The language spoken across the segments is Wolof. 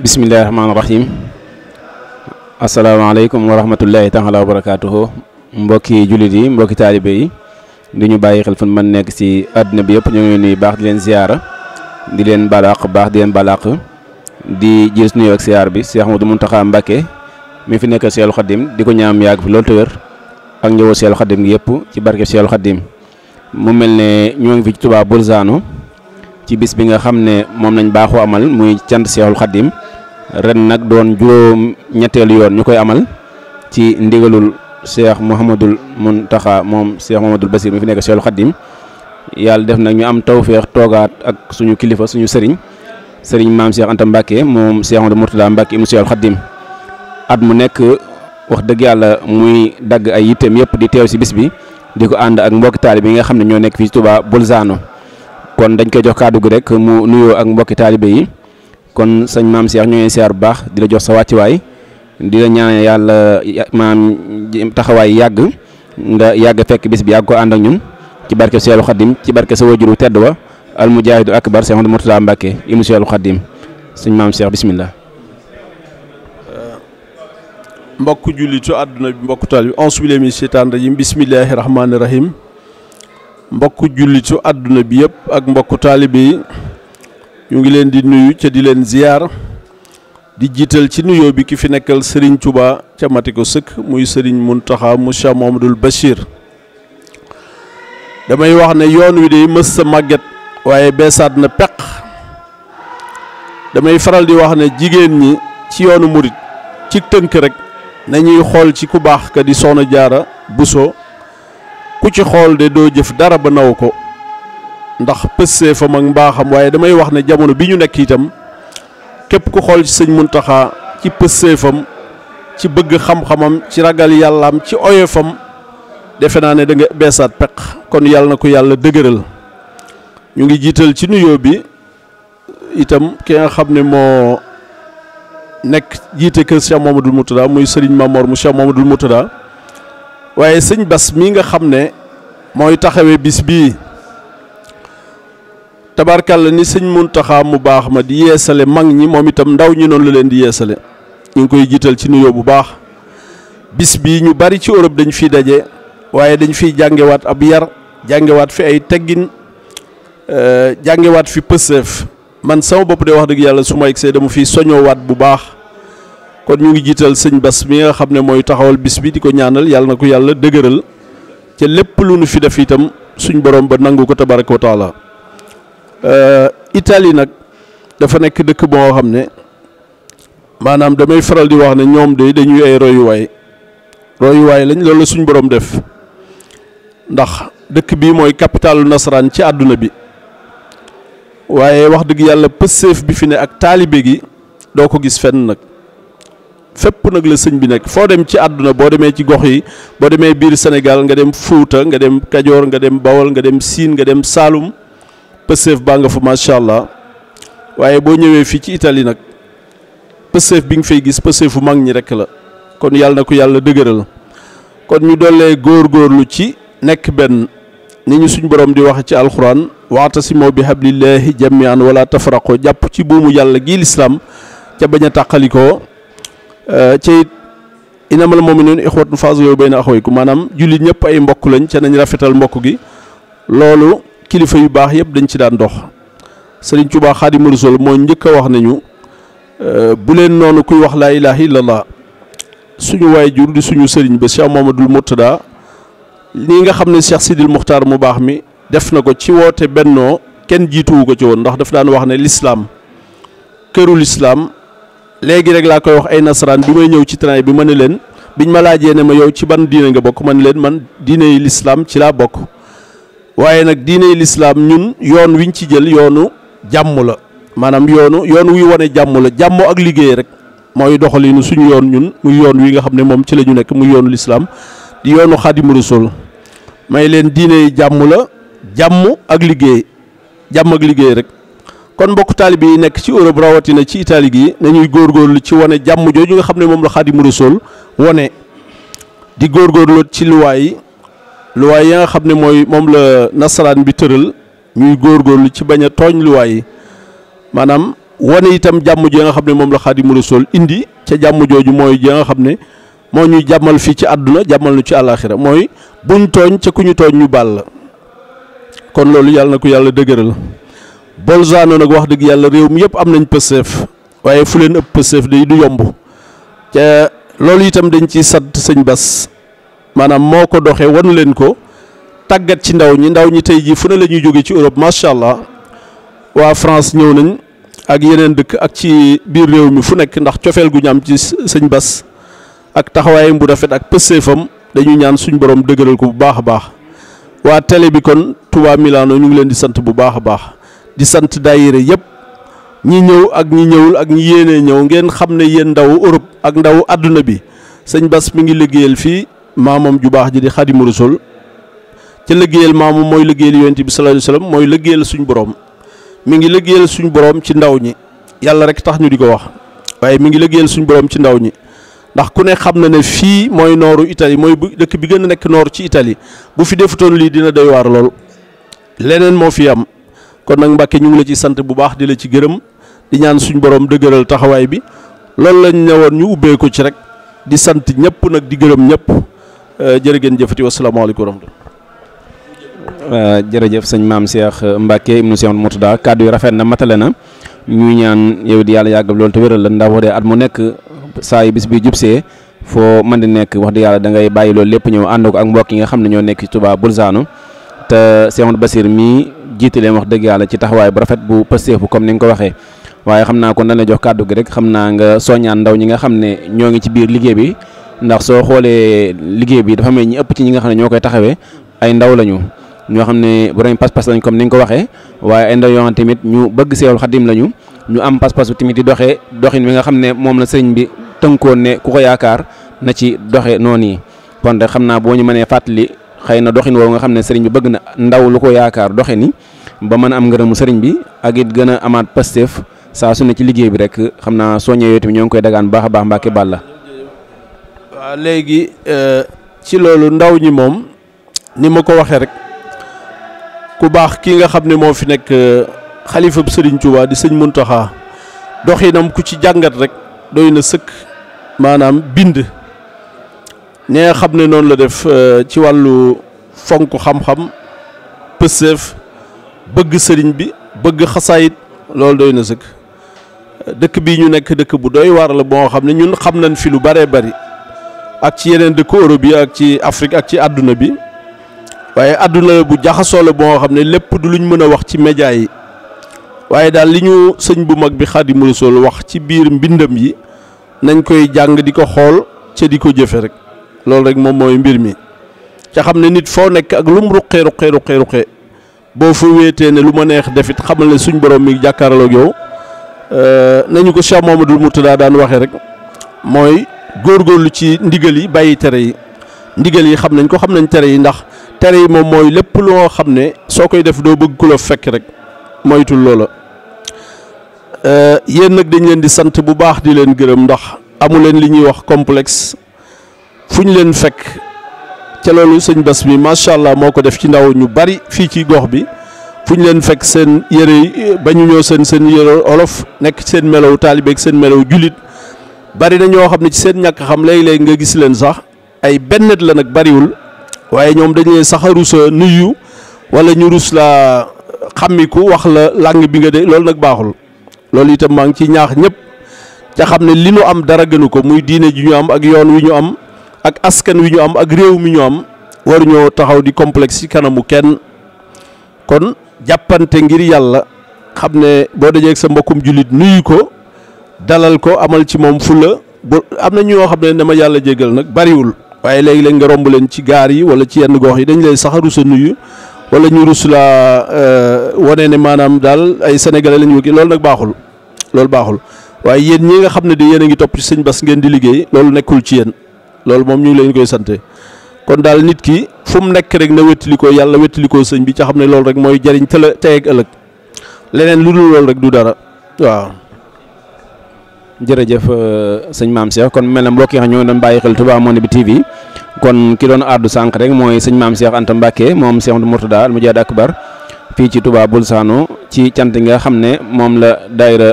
bismillahi rahmaani rahim asalaamaaleykum wa rahmatullahi taala wa barakaatuhu mbokki jullit yi mbokki taalibe yi di ñu bàyyi xel fu mën nekk ci àdduna bi yëpp ñu ngi baax di leen ziyaara di leen balaq baax di leen ziyaar bi Cheikh Ahmadou Mountakha Mbacké mi fi nekk Seexul Xaddim di ko ñaam yàgg fi loolu te ak njëwoo Seexul Xaddim gi yëpp ci barke Seexul Xaddim mu mel ne ñoo ngi fi ci Touba Bolzano ci bis bi nga xamne ne lañ baxu amal muy tiant cheikhul khadim ren nag doon juróom ñettel yoon ñukoy amal ci ndigalul Cheikh Mouhamadul Muntaha mom Cheikh Mouhamadul Basir mi fi nek cheikhul khadim yàlla def nag ñu am tawfiq togaat ak suñu kilifa suñu sëriñ sëriñ maam Cheikh antam Mbacke mom Cheikh Amadou murtada Mbacke mu cheikhul khadim at mu nek wax deug yalla muy dag ay yitem yep di tew si bis bi di and ak mbokki talib yi nga xamne ño nek fi Touba Bolzano kon dañ koy jox kaddu gi rek mu nuyo ak mbokki talibé yi kon señ mam Cheikh ñoy ciar bax bu di la jox sa wàcciwaay di la ñaan yàlla ya, mam taxaway yag nga yag fekk bis bi yag ko and ak ñun ci barké Seexul khadim ci barké sa wajuru tedd wa al mujahid akbar cheikh Ahmadu Murtada Mbàkke ibnu Seexul khadim señ mam Cheikh bismillah mbokk jullitu àdduna bi mbokk talib bi auzu billaahi mina sheytaani bismillahir rahmanir rahim mbokku jullitu àdduna bi yëpp ak mbokku taalibe yi ñu ngi leen di nuyu ca di leen ziyaar di jiital ci nuyoo bi ki fi nekkal sëriñ Touba ca mati ko sëkk muy Serigne Mountakha mu Cheikh Mouhamadoul Bachir damay wax ne yoon wi day mës sa màgget waaye beesaat na peq damay faral di wax ne jigéen ñi ci yoonu murit ci tënk rekk nañuy xool ci ku baax ka di Soxna Jaara Buso ku ci xool de doo jëf dara ba naw ko ndax pëssee fa mag mbaaxam waaye damay wax ne jamono bi ñu nekk itam képp ku xool ci sëñ taxa ci pësseefam ci bëgg xam-xamam ci ragal yàllaam ci oyofam defe naa ne danga nga beesaat peq kon yàlla na ko yàlla dëgëral ñu ngi jiital ci nuyoo bi itam ki nga xam ne moo nekk jiite kër Cheikh Mamadou Moutada muy sëriñ Mamor mu Cheikh Mamadou Moutada waaye sëñ bas mii nga xam ne mooy taxawee bis bii la ni sëñ Muntaxa mu baax ma di yeesale mag ñi moom itam ndaw ñi noonu la leen di yeesale ñu ngi koy jiital ci nuyoo bu baax bis bii ñu bari ci Europe dañu fiy daje waaye dañu fiy jàngewaat ab yar jàngewaat fi ay teggin euh, jàngewaat fi pëseef man sama bopp de wax dëgg yàlla su ma egsee dama fiy soñoowaat bu baax kon ñu ngi jiital sëñ Bas bi nga xam ne mooy taxawal bis bi di ko ñaanal yàlla na ko yàlla dëgëral ca lépp lu nu fi def itam suñ borom ba nangu ko tabaraka wa taala euh, Italie nag dafa nekk dëkk boo xam ne maanaam damay faral di wax ne ñoom de dañuy ay royuwaay royuwaay lañ loolu la suñ borom def ndax dëkk bii mooy capitalu nasaraan ci àdduna bi waaye wax dëgg yàlla pëseef bi fi ne ak taalibe gi doo ko gis fenn nag fep nag la sëñ bi nekk foo dem ci aduna boo demee ci gox yi boo demee biir Sénégal nga dem Fuuta nga dem Kajoor nga dem Bawol nga dem Siin nga dem Saalum pëseef baa nga fa ci Italie nag pëseef bi nga fay gis mag la kon yàlla na ko yàlla kon ñu dollee góorgóorlu ci nekk benn ni ñu suñ borom di wax ci alxuraan waatasimoo bi hablillahi jamian wala tafaraqo jàpp ci buumu yàlla gii lislaam ca bañ a ci inamal mu'minuuna ixwatun fa aslihu bayna axawaykum maanaam jullit ñëpp ay mbokk lañ ca nañ rafetal mbokk gi loolu kilifa yu baax yëpp dañ ci daan dox Sëriñ Tuubaa Xaadimu Rasuul moo njëkk a wax nañu bu leen noonu kuy wax laa ilaaha illallah suñu waay jur di suñu sëriñ ba Cheikh Mamadul Murtada lii nga xam ne Cheikh Sidil Muxtaar mu baax mi def na ko ci woote bennoo kenn jiituwu ko ci woon ndax daf daan wax ne lislaam këru lislaam léegi rek laa koy wax ay nasaraan bi may ñëw ci train bi ma ne leen biñ ma laajee ne ma yow ci ban diine nga bokk ma ne leen man diine yi lislaam ci laa bokk waaye nag diine yi lislaam ñun yoon wiñ ci jël yoonu jàmm la maanaam yoonu yoon wuy wane jàmm jàmmoo ak liggéey rek mooy doxalinu suñu yoon ñun yoon wi nga xam ne moom ci la ñu nekk muy yoonu lislaam di yoonu xaadimu rasul may leen diine yi jàmm la jàmm ak liggéey jàmm ak liggéey rek kon mbokk taalib yi nekk ci Europe rawatina ci Italie gi nañuy góorgóorlu ci wane jàmm jooju nga xam ne moom la Xaadimu Rasuul wane di góorgóorlu ci luwaay luwaay ya nga xam ne mooy moom la nasaraan bi tëral ñuy góorgóorlu ci bañ a tooñ luwaay yi maanaam wane itam jàmm ji nga xam ne moom la Xaadimu Rasuul indi ca jàmm jooju mooy ji nga xam ne moo ñuy jàmmal fii ci àdduna jàmmal nu ci àllaaxira mooy buñ tooñ ca ku ñu tooñ ñu baal la kon loolu yàlla na ko yàlla dëgëral. Bolzano nag wax dëgg yàlla réew mi yëpp am nañ pëseef waaye fu leen ëpp pëseef day du yomb ca loolu itam dañ ciy sant sëñ Bas maanaam moo ko doxee wan leen ko tàggat ci ndaw ñi ndaw ñi tey jii fu ne lañuy ñuy jóge ci Europe macha allah waa France ñëw nañ ak yeneen dëkk ak ci biir réew mi fu nekk ndax cofeel gu ñu am ci sëñ Bas ak taxawaayam bu rafet ak pëseefam dañu ñaan suñ borom dëgëral ko bu baax a baax waa tele bi kon Touba Milano ñu ngi leen di sant bu baax a baax. di sant daayira yépp ñi ñëw ak ñi ñëwul ak ñi yéenee ñëw ngeen xam ne yéen ndawu Europe ak ndawu àdduna bi sëñ Bas mi ngi liggéeyal fii maamam ju baax ji di Xaadimu rasul ca liggéeyal maamam mooy liggéeyal yonent bi sallallahu alayhi wasallam mooy liggéeyal suñ borom mi ngi liggéeyal suñ borom ci ndaw ñi yàlla rek tax ñu di ko wax waaye mi ngi liggéeyal suñ borom ci ndaw ñi ndax ku ne xam na ne fii mooy nooru Italie mooy dëkk bi gën a nekk ci Italie bu fi defutoon lii dina doy waar lool leneen moo fi am kon nak Mbàkke ñu ngi la ci sante bu baax di la ci gërëm di ñaan suñu borom dëgëral taxaway bi lool lañ ñëwoon ñu ubbee ko ci rek di sante ñëpp nak di gërëm ñëpp euh, jërë wa salaamu alaykum wa rahmatulah. Euh, jërëjëf señ maam Cheikh euh, Mbacke ibnu Cheikh Murtada kaddu yu rafet na matalena ñu ñaan yow di yalla yàggal lool te wëral la ndax wax at mu nekk saay bis bi jupsé fo man di nekk wax di yalla da ngay bayyi loolu lepp ñëw ànd ak mbokk yi nga ñoo nekk ci Touba te Cheikh Basir mi jiite wax dëgg yàlla ci taxawaay bu rafet bu pësteef bu comme ni nga ko waxee waaye xam naa ko dañ la jox kàddu gi rek xam naa nga soññaan ndaw ñi nga xam ne ñoo ngi ci biir liggéey bi ndax soo xoolee liggéey bi dafa mel ñi ëpp ci ñi nga xam ne ñoo koy taxawee ay ndaw lañu ñoo xam ne borom pas-pas lañ comme ni nga ko waxee waaye ay ndaw xam tamit ñu bëgg Seexul Xadim lañu ñu am pas-pas tamit di doxee doxin wi nga xam ne moom la sëñ bi tënkoon ne ku ko yaakaar na ci doxe noonu yi kon de xam naa boo ñu mënee fàttali xëy na doxin woowu nga xam ne sëriñ bi bëgg na ndaw ko yaakaar doxe ni ba mën a am ngërëmu sëriñ bi ak it gën a amaat pasteef saa su ne ci liggéey bi rek xam naa soññee yooyu tamit ñoo ngi koy dagaan baax a baax Mbàkke Balla waaw léegi euh, ci loolu ndaw ñi moom ni ma ko waxee rek ku baax kii nga xam ne moo fi nekk euh, xalifa bu sëriñ Tuubaa di sëñ Muntaxa doxinam ku ci jàngat rek doy na sëkk maanaam bind ne xam ne noonu la def euh, ci wàllu fonk xam-xam pëseef bëgg sëriñ bi bëgg xasaayit lool doyna na sëkk dëkk bi ñu nekk dëkk bu doy war la bo xam ñun xam nañ fi lu bare bare ak ci yeneen dëkk Europe bi ak ci Afrique ak ci aduna bi waye aduna bu jaxaso la bo xam lepp du luñ mëna wax ci média yi waye daal liñu sëñ bu mag bi Khadim Rasoul wax ci biir mbindam yi nañ koy jang diko xol ci diko jëfé rek lool rek mom moy mbir mi ci xamne nit fo nek ak lum ruqé ruqé ruqé ruqé boo fa wéetee ne lu ma neex defit xamal na suñ borom mi jàkkaarloog yow euh, nañu ko Cheikh Mamadou Mourtada daan waxee rek mooy góorgóorlu ci ndigal yi bàyyi tere yi ndigal yi xam nañ ko xam nañ tere yi ndax tere yi moom mooy lépp loo xam ne soo koy def doo bëgg ku la fekk rek moytul loola euh, yéen nag dañ leen di sant bu baax di leen gërëm ndax amu leen li ñuy wax complexe fu ñu leen fekk ci loolu seigne bass bi macha allah def ci ndaw ñu bari fi ci gox bi fuñ leen fek seen yere bañu ñoo seen seen yëre olof nek ci seen melaw talibé ak seen melaw julit bari na ñoo xamni ci seen ñak xam lay lay nga gis leen sax ay bennet la nak bari wul waye ñom dañ lay saxaru nuyu wala ñu rus la xamiku wax la lang bi nga de lool nak baxul lool itam ma ngi ci ñaax ñep ci xamne li nu am dara gënu ko muy diine ji ñu am ak yoon wi ñu am. ak askan wi ñu am ak réew mi ñu am waruñoo taxaw di complexe ci kanamu kenn kon jàppante ngir yàlla xam ne boo dajee ak sa mbokkum jullit nuyu ko dalal ko amal ci moom fula bu am na ñoo xam ne dama yàlla jégal nag bariwul waaye léegi-léeg nga romb leen ci gaar yi wala ci yenn gox yi dañ lay sax rusa nuyu wala ñu rus laa euh, wane ne maanaam daal ay sénégalais la ñu wëkki loolu nag baaxul loolu baaxul waaye yéen ñi nga xam ne di yéen a ngi topp ci sëñ bas ngeen di liggéey loolu nekkul ci lol mom ñu leen koy sante kon dal nit ki fum nek nekk rek na wéttalikoo yàlla wéttalikoo sëñ bi ca xam ne loolu rek mooy jariñ tëla tey ak ëllëg leneen lu dul loolu rek du dara waaw jërëjëf euh, sëñ maam Cheikh kon melam na yi ñoo doon bàyyi xel bi TV kon ki doon àddu sànq rek mooy sëñ maam Cheikh Anta Mbacke moom Cheikh Mourtada al Mujaahid Akbar fi ci Touba Bolzano ci cant nga xam ne la daayira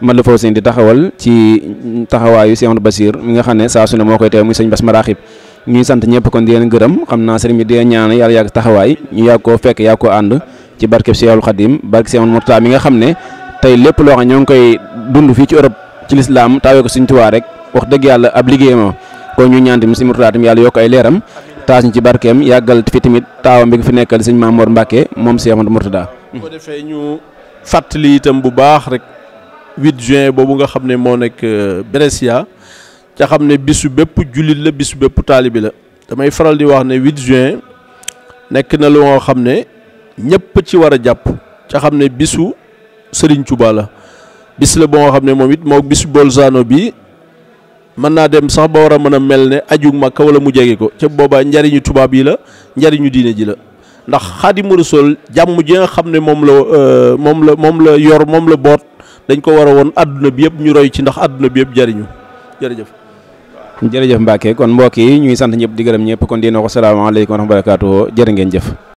mat la seen di taxawal ci taxawayu Cheikh Basir mi nga xam sa sunu mokoy ne muy seigne Bass marakhib ñu ngi sant ñëpp kon di leen gërëm xamna naa sëriñ bi di ñaan yalla yag taxaway ñu yag ko fekk yag ko and ci barkeb Cheikhul Khadim barke Cheikh Mourtada mi nga xam ne tey lépp loo xam ñong koy dund fi ci Europe ci l'islam tawé ko Sëriñ touba rek wax deug yalla ab liggéeyam ko ñu ñaan tamit Sëriñ Mourtada yalla yok ay leeram taas ci barkeem yagal fi timit tawam bi fi nekkal Sëriñ Mamour Mbacke mom Cheikh Mourtada ko defé ñu fàttali itam bu baax rek 8 juin boobu nga xam ne moo nekk euh, Brescia ca xam ne bisu bépp jullit la bisu bépp taalibi la damay faral di wax ne 8 juin nekk na lu nga xam ne ñëpp ci war a jàpp ca xam ne bisu Serigne Touba la bis la boo nga xam ne moom it moo bisu Bolzano bi mën naa dem sax ba war a mën a mel ne aju Makka wala mu jege ko ca boobaa njariñu tubaab yi la njariñu diine ji la ndax Xaadimu Rasuul jàmm ji nga xam ne moom la euh, moom la moom la yor moom la boot dañ ko war a woon àdduna bi yëpp ñu roy ci ndax àdduna bi yëpp jariñu jërëjëf jërëjëf Mbacke kon mbokk yi ñuy sant ñëpp di gërëm ñëpp kon di noo ko salaamaaleykum wa rahmatulah jërë ngeen jëf